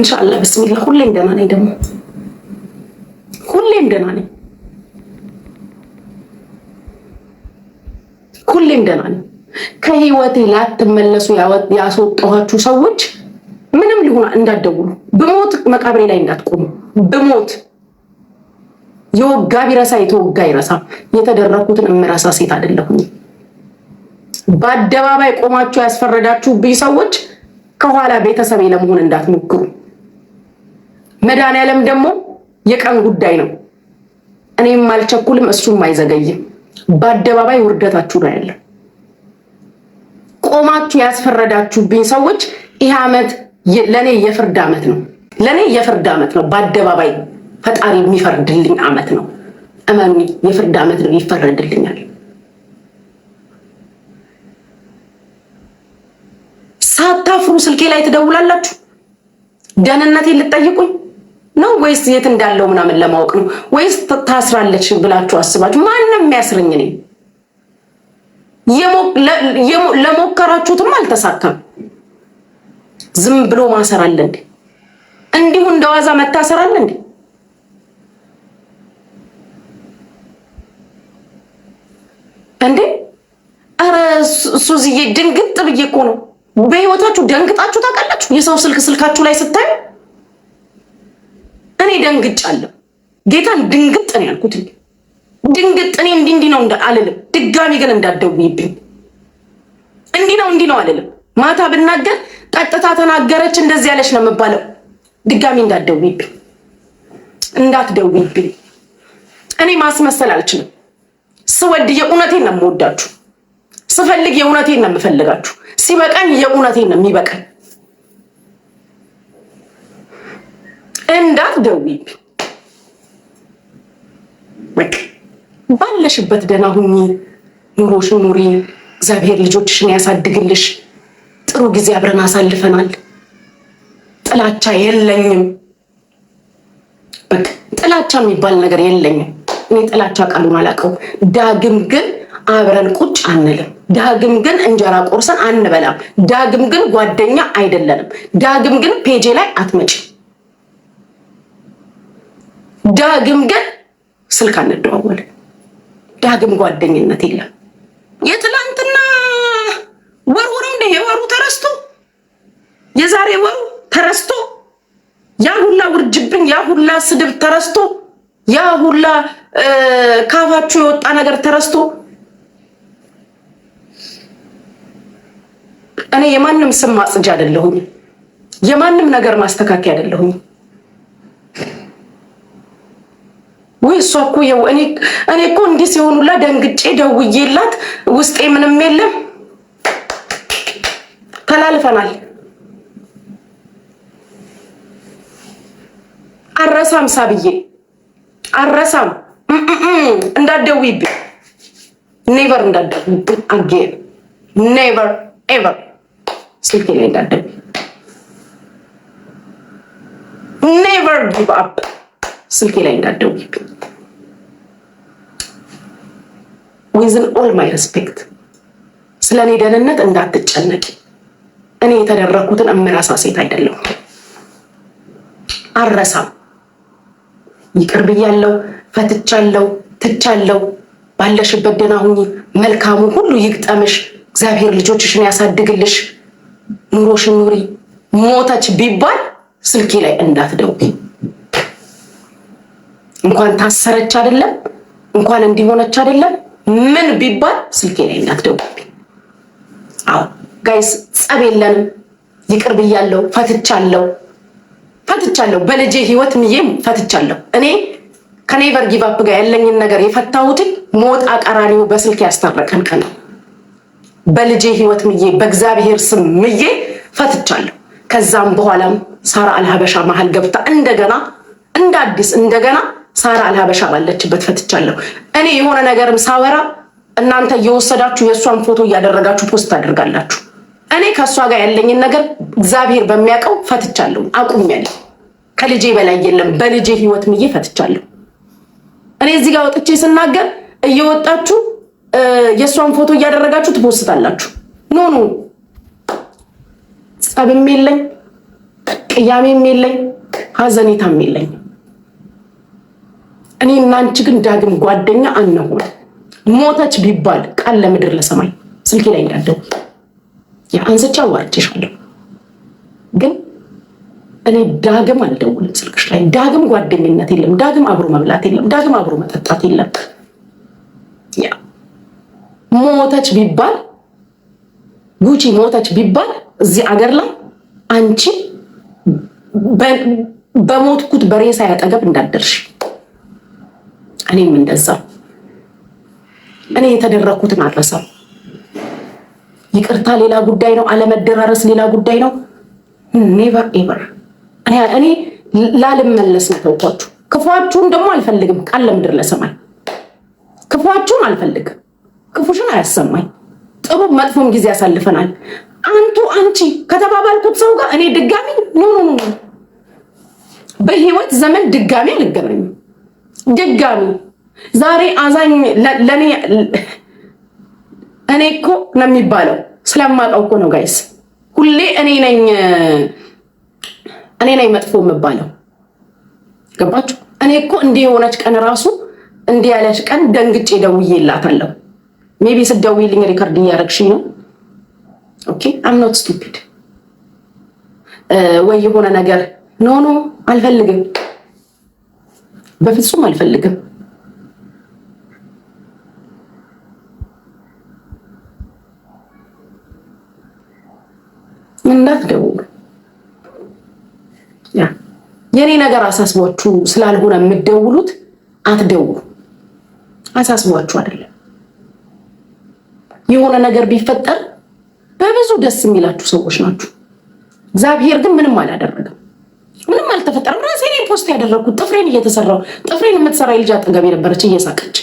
ኢንሻአላህ ብስሚላ ሁሌም ደህና ነኝ። ደግሞ ሁሌም ደህና ነኝ። ሁሌም ደህና ነኝ። ከህይወቴ ላትመለሱ ያስወጣኋችሁ ሰዎች ምንም ሊሆን እንዳትደውሉ፣ ብሞት መቃብሬ ላይ እንዳትቆሙ፣ ብሞት የወጋ ቢረሳ የተወጋ ይረሳ። የተደረኩትን እምረሳ ሴት አይደለሁኝ። በአደባባይ ቆማችሁ ያስፈረዳችሁብኝ ሰዎች ከኋላ ቤተሰቤ ለመሆን እንዳትሞክሩ። መድኃኒዓለም ደግሞ የቀን ጉዳይ ነው። እኔም አልቸኩልም፣ እሱም አይዘገይም። በአደባባይ ውርደታችሁ ነው ያለው። ቆማችሁ ያስፈረዳችሁብኝ ሰዎች ይህ ዓመት ለእኔ የፍርድ ዓመት ነው። ለእኔ የፍርድ ዓመት ነው። በአደባባይ ፈጣሪ የሚፈርድልኝ ዓመት ነው። እመኑ፣ የፍርድ ዓመት ነው። ይፈረድልኛል። ሳታፍሩ ስልኬ ላይ ትደውላላችሁ፣ ደህንነቴን ልጠይቁኝ ነው ወይስ የት እንዳለው ምናምን ለማወቅ ነው ወይስ ታስራለች ብላችሁ አስባችሁ? ማንም የሚያስረኝ እኔ ለሞከራችሁትም አልተሳካም። ዝም ብሎ ማሰር አለ እንዴ? እንዲሁ እንደዋዛ መታሰር አለ እንዴ? እንዴ ኧረ ሱዝዬ ድንግጥ ብዬ እኮ ነው። በህይወታችሁ ደንግጣችሁ ታውቃላችሁ? የሰው ስልክ ስልካችሁ ላይ ስታዩ እኔ ደንግጫለሁ። ጌታን ድንግጥ ነው ያልኩት። ድንግጥ እኔ እንዲህ እንዲህ ነው አልልም። ድጋሚ ግን እንዳትደውይብኝ። እንዲህ ነው እንዲህ ነው አልልም። ማታ ብናገር ጠጥታ ተናገረች እንደዚህ ያለች ነው የምባለው። ድጋሚ እንዳትደውይብኝ፣ እንዳትደውይብኝ። እኔ ማስመሰል አልችልም። ስወድ የእውነቴን ነው የምወዳችሁ፣ ስፈልግ የእውነቴን ነው የምፈልጋችሁ፣ ሲበቃኝ የእውነቴን ነው የሚበቃኝ። አትደውይብኝ። በቃ ባለሽበት ደህና ሁኚ፣ ኑሮሽን ኑሪ። እግዚአብሔር ልጆችሽን ያሳድግልሽ። ጥሩ ጊዜ አብረን አሳልፈናል። ጥላቻ የለኝም። በቃ ጥላቻ የሚባል ነገር የለኝም። እኔ ጥላቻ ቃሉን አላውቀውም። ዳግም ግን አብረን ቁጭ አንልም። ዳግም ግን እንጀራ ቆርሰን አንበላም። ዳግም ግን ጓደኛ አይደለንም። ዳግም ግን ፔጄ ላይ አትመጭም። ዳግም ግን ስልክ አንደዋወልን። ዳግም ጓደኝነት የለም። የትላንትና ወሩ ነው እንደ የወሩ ተረስቶ የዛሬ ወሩ ተረስቶ ያ ሁላ ውርጅብኝ፣ ያ ሁላ ስድብ ተረስቶ ያ ሁላ ካፋችሁ የወጣ ነገር ተረስቶ እኔ የማንም ስም ማጽጃ አይደለሁኝ። የማንም ነገር ማስተካከያ አይደለሁኝ። ወይ እሷ እኮ ይኸው እኔ እኮ እንዲህ ሲሆኑላ ደንግጬ ደውዬላት ውስጤ ምንም የለም ተላልፈናል። አረሳም ሳብዬ አረሳም እንዳትደውይብኝ ኔቨር እንዳትደውይብኝ አጌን ኔቨር ኤቨር ስልኬ ላይ እንዳትደውይ ኔቨር ጊቭ አፕ ስልኬ ላይ እንዳትደውይብኝ። ዊዝን ኦል ማይ ሪስፔክት ስለ እኔ ደህንነት እንዳትጨነቂ። እኔ የተደረግኩትን እምረሳ ሴት አይደለሁም። አልረሳም። ይቅር ብያለሁ፣ ፈትቻለሁ፣ ትቻለሁ። ባለሽበት ደህና ሁኚ። መልካሙ ሁሉ ይግጠምሽ። እግዚአብሔር ልጆችሽን ያሳድግልሽ። ኑሮሽን ኑሪ። ሞተች ቢባል ስልኬ ላይ እንዳትደውይ። እንኳን ታሰረች አይደለም እንኳን እንዲሆነች አይደለም ምን ቢባል ስልኬ ላይ እንዳትደውልብኝ። አዎ ጋይስ፣ ጸብ የለንም። ይቅር ብያለሁ። ፈትቻለሁ፣ ፈትቻለሁ። በልጄ ህይወት ምዬም ፈትቻለሁ። እኔ ከኔቨር ጊቫፕ ጋር ያለኝን ነገር የፈታሁትን ሞጣ ቀራኒው በስልክ ያስታረቀን ቀን ነው። በልጄ ህይወት ምዬ በእግዚአብሔር ስም ምዬ ፈትቻለሁ። ከዛም በኋላም ሳራ አልሀበሻ መሀል ገብታ እንደገና እንደ አዲስ እንደገና ሳራ አልሀበሻ ባለችበት ፈትቻለሁ። እኔ የሆነ ነገርም ሳወራ እናንተ እየወሰዳችሁ የእሷን ፎቶ እያደረጋችሁ ፖስት ታደርጋላችሁ። እኔ ከእሷ ጋር ያለኝን ነገር እግዚአብሔር በሚያውቀው ፈትቻለሁ፣ አቁሜያለሁ። ከልጄ በላይ የለም። በልጄ ህይወት ምዬ ፈትቻለሁ። እኔ እዚህ ጋር ወጥቼ ስናገር እየወጣችሁ የእሷን ፎቶ እያደረጋችሁ ትፖስታላችሁ። ኖኑ ጸብም የለኝ ቅያሜም የለኝ ሀዘኔታም የለኝ። እኔ እናንቺ ግን ዳግም ጓደኛ አንሆን። ሞተች ቢባል ቃል ለምድር ለሰማይ ስልኬ ላይ እንዳለው የአንስቼ አዋርቼሻለሁ። ግን እኔ ዳግም አልደውልም ስልክሽ ላይ። ዳግም ጓደኝነት የለም። ዳግም አብሮ መብላት የለም። ዳግም አብሮ መጠጣት የለም። ሞተች ቢባል ጉቺ ሞተች ቢባል እዚህ አገር ላይ አንቺ በሞትኩት በሬሳ ያጠገብ እንዳደርሽ እኔም እንደዛው እኔ የተደረግኩትን አልረሳም። ይቅርታ ሌላ ጉዳይ ነው፣ አለመደራረስ ሌላ ጉዳይ ነው። ኔቨር ኤቨር እኔ ላልመለስ ነው። ተውኳችሁ። ክፏችሁን ደግሞ አልፈልግም። ቃል ለምድር ለሰማይ ክፏችሁን አልፈልግም። ክፉሽን አያሰማኝ። ጥሩ መጥፎም ጊዜ አሳልፈናል። አንቱ አንቺ ከተባባልኩት ሰው ጋር እኔ ድጋሚ ኑ ኖ ኖ በህይወት ዘመን ድጋሚ አልገናኝም። ድጋሚ ዛሬ አዛኝ ለኔ እኔ እኮ ነው የሚባለው ስለማውቀው እኮ ነው ጋይስ። ሁሌ እኔ ነኝ እኔ ነኝ መጥፎ የምባለው ገባችሁ? እኔ እኮ እንዲህ የሆነች ቀን ራሱ እንዲህ ያለች ቀን ደንግጬ ደውዬላታለሁ። ሜቢ ስደውልኝ ሪከርድ እያደረግሽኝ ነው። ኦኬ አም ኖት ስቱፒድ ወይ የሆነ ነገር ኖ ኖ አልፈልግም በፍጹም አልፈልግም። እንዳትደውሉ። የእኔ ነገር አሳስቧችሁ ስላልሆነ የምትደውሉት አትደውሉ። አሳስቧችሁ አይደለም። የሆነ ነገር ቢፈጠር በብዙ ደስ የሚላችሁ ሰዎች ናችሁ። እግዚአብሔር ግን ምንም አላደረገም። ምንም አልተፈጠረም። ራሴ ኔ ፖስት ያደረግኩት ጥፍሬን እየተሰራው ጥፍሬን የምትሰራ የልጅ አጠገብ የነበረች እየሳቀች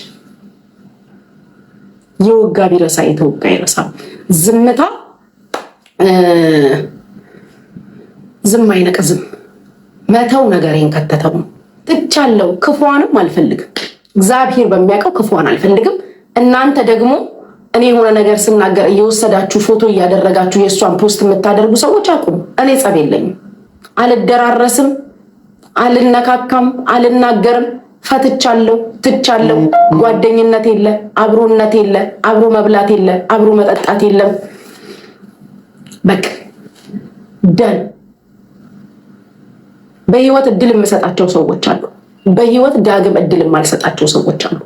የወጋ ቢረሳ የተወጋ ይረሳ። ዝምታ ዝም አይነቅዝም። መተው ነገሬን ከተተው ትቻለው። ክፏንም አልፈልግም። እግዚአብሔር በሚያውቀው ክፏን አልፈልግም። እናንተ ደግሞ እኔ የሆነ ነገር ስናገር እየወሰዳችሁ ፎቶ እያደረጋችሁ የእሷን ፖስት የምታደርጉ ሰዎች አቁሙ። እኔ ጸብ የለኝም። አልደራረስም፣ አልነካካም፣ አልናገርም። ፈትቻለሁ፣ ትቻለሁ። ጓደኝነት የለ፣ አብሮነት የለ፣ አብሮ መብላት የለ፣ አብሮ መጠጣት የለም። በቃ ደን በህይወት እድል የምሰጣቸው ሰዎች አሉ። በህይወት ዳግም እድል የማልሰጣቸው ሰዎች አሉ።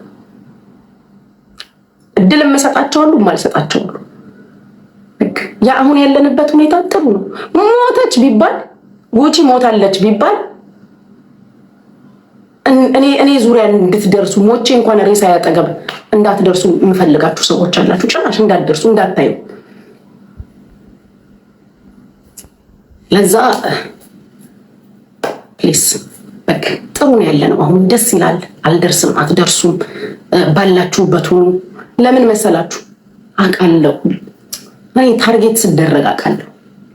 እድል የምሰጣቸው አሉ፣ የማልሰጣቸው አሉ። ያ ያለንበት ሁኔታ ጥሩ ነው። ሞተች ቢባል ጉቺ ሞታለች ቢባል እኔ እኔ ዙሪያ እንድትደርሱ ሞቼ እንኳን ሬሳ ያጠገብ እንዳትደርሱ የምፈልጋችሁ ሰዎች አላችሁ። ጭራሽ እንዳትደርሱ እንዳታዩ። ለዛ ፕሊስ በቃ ጥሩ ነው ያለ ነው። አሁን ደስ ይላል። አልደርስም፣ አትደርሱም፣ ባላችሁበት ሁኑ። ለምን መሰላችሁ? አውቃለሁ እኔ ታርጌት ስደረግ አውቃለሁ።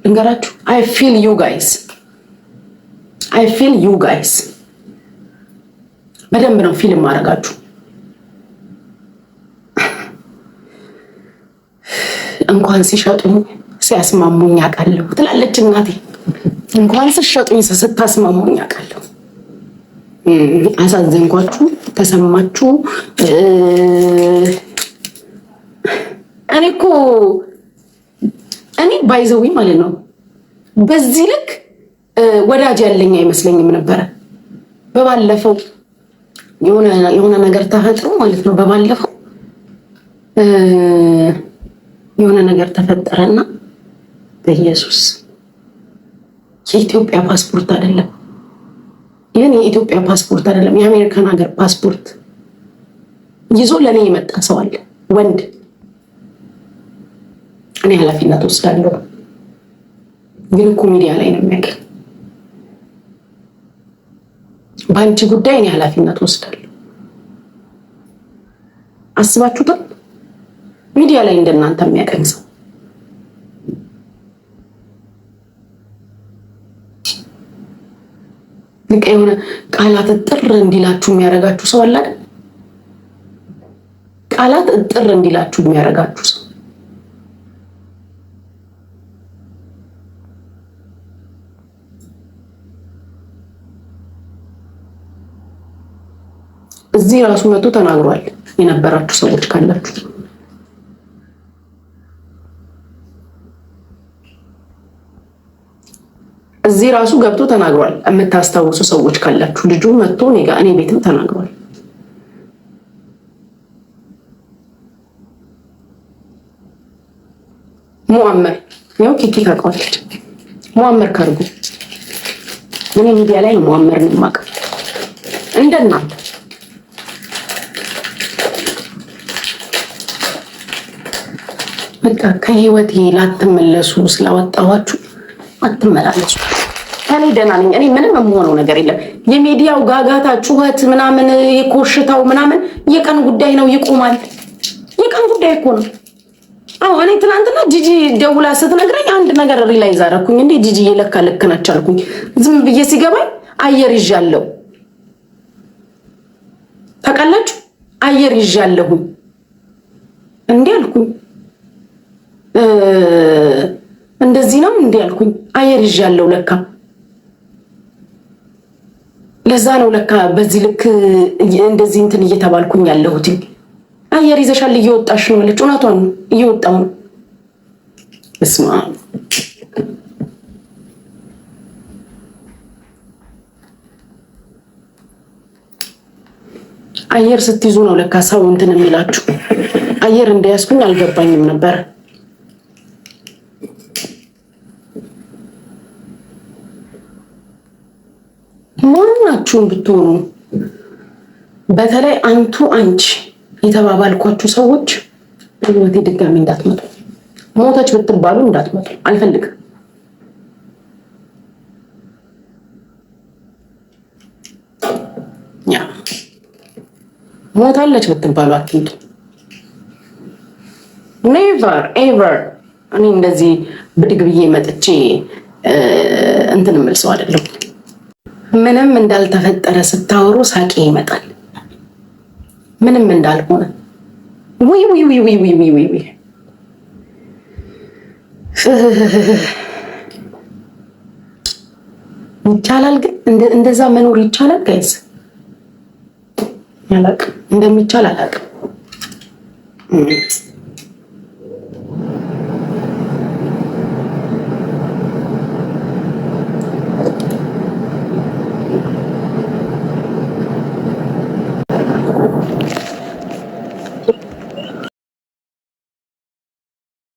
ልንገራችሁ፣ አይ ፊል ዩ ጋይስ አይ ፊል ዩ ጋይስ በደንብ ነው ፊልም ማድረጋችሁ። እንኳን ሲሸጡኝ ሲያስማሙኝ አውቃለሁ ትላለች እናቴ። እንኳን ሲሸጡኝ ስታስማሙኝ አውቃለሁ። አሳዘንኳችሁ፣ ተሰማችሁ። እኔ እኮ እኔ ባይዘዊ ማለት ነው በዚህ ልክ ወዳጅ ያለኝ አይመስለኝም ነበረ። በባለፈው የሆነ ነገር ተፈጥሮ ማለት ነው። በባለፈው የሆነ ነገር ተፈጠረና በኢየሱስ የኢትዮጵያ ፓስፖርት አይደለም፣ ይህን የኢትዮጵያ ፓስፖርት አይደለም፣ የአሜሪካን ሀገር ፓስፖርት ይዞ ለእኔ የመጣ ሰው አለ፣ ወንድ። እኔ ኃላፊነት ወስዳለሁ፣ ግን እኮ ሚዲያ ላይ ነው የሚያገኝ በአንቺ ጉዳይ እኔ ኃላፊነት ወስዳለሁ። አስባችሁትም ሚዲያ ላይ እንደናንተ የሚያቀኝ ሰው ልቅ የሆነ ቃላት እጥር እንዲላችሁ የሚያደርጋችሁ ሰው አለ ቃላት እጥር እንዲላችሁ የሚያደርጋችሁ ሰው ራሱ መጥቶ ተናግሯል። የነበራችሁ ሰዎች ካላችሁ እዚህ ራሱ ገብቶ ተናግሯል። የምታስታውሱ ሰዎች ካላችሁ ልጁ መጥቶ እኔ ቤትም ተናግሯል። ሙአመር ያው ኪኪ ታውቀዋለች። ሙአመር ካርጎ እኔ ሚዲያ ላይ ሙአመርን የማውቀው እንደናንተ በቃ ከህይወት ላትመለሱ ስላወጣኋችሁ አትመላለሱ። እኔ ደህና ነኝ። እኔ ምንም የምሆነው ነገር የለም። የሚዲያው ጋጋታ፣ ጩኸት ምናምን የኮሽታው ምናምን የቀን ጉዳይ ነው፣ ይቆማል። የቀን ጉዳይ እኮ ነው። አዎ እኔ ትናንትና ጂጂ ደውላ ስትነግረኝ አንድ ነገር ሪላይዝ አደረኩኝ። እንዴ ጂጂ የለካ ልክ ነች አልኩኝ። ዝም ብዬ ሲገባኝ አየር ይዣለሁ፣ ታውቃላችሁ፣ አየር ይዣለሁ እንዲህ አልኩኝ። እንደዚህ ነው እንዲህ ያልኩኝ አየር ይዣለሁ ለካ ለዛ ነው ለካ በዚህ ልክ እንደዚህ እንትን እየተባልኩኝ ያለሁት። አየር ይዘሻል እየወጣሽ ነው አለች። እውነቷን እየወጣው ነው። እስማ አየር ስትይዙ ነው ለካ ሰው እንትን የሚላችሁ። አየር እንደያዝኩኝ አልገባኝም ነበር። ሁላችሁም ብትሆኑ በተለይ አንቱ አንቺ የተባባልኳችሁ ሰዎች ህይወቴ ድጋሚ እንዳትመጡ ሞተች ብትባሉ እንዳትመጡ አልፈልግም። ሞታለች ብትባሉ አትምጡ። ኔቨር ኤቨር እኔ እንደዚህ ብድግ ብዬ መጥቼ እንትን እምል ሰው አይደለም። ምንም እንዳልተፈጠረ ስታወሩ ሳቄ ይመጣል። ምንም እንዳልሆነ ውይ ይቻላል። ግን እንደዛ መኖር ይቻላል ጋይዝ አላውቅም እንደሚቻል አላውቅም።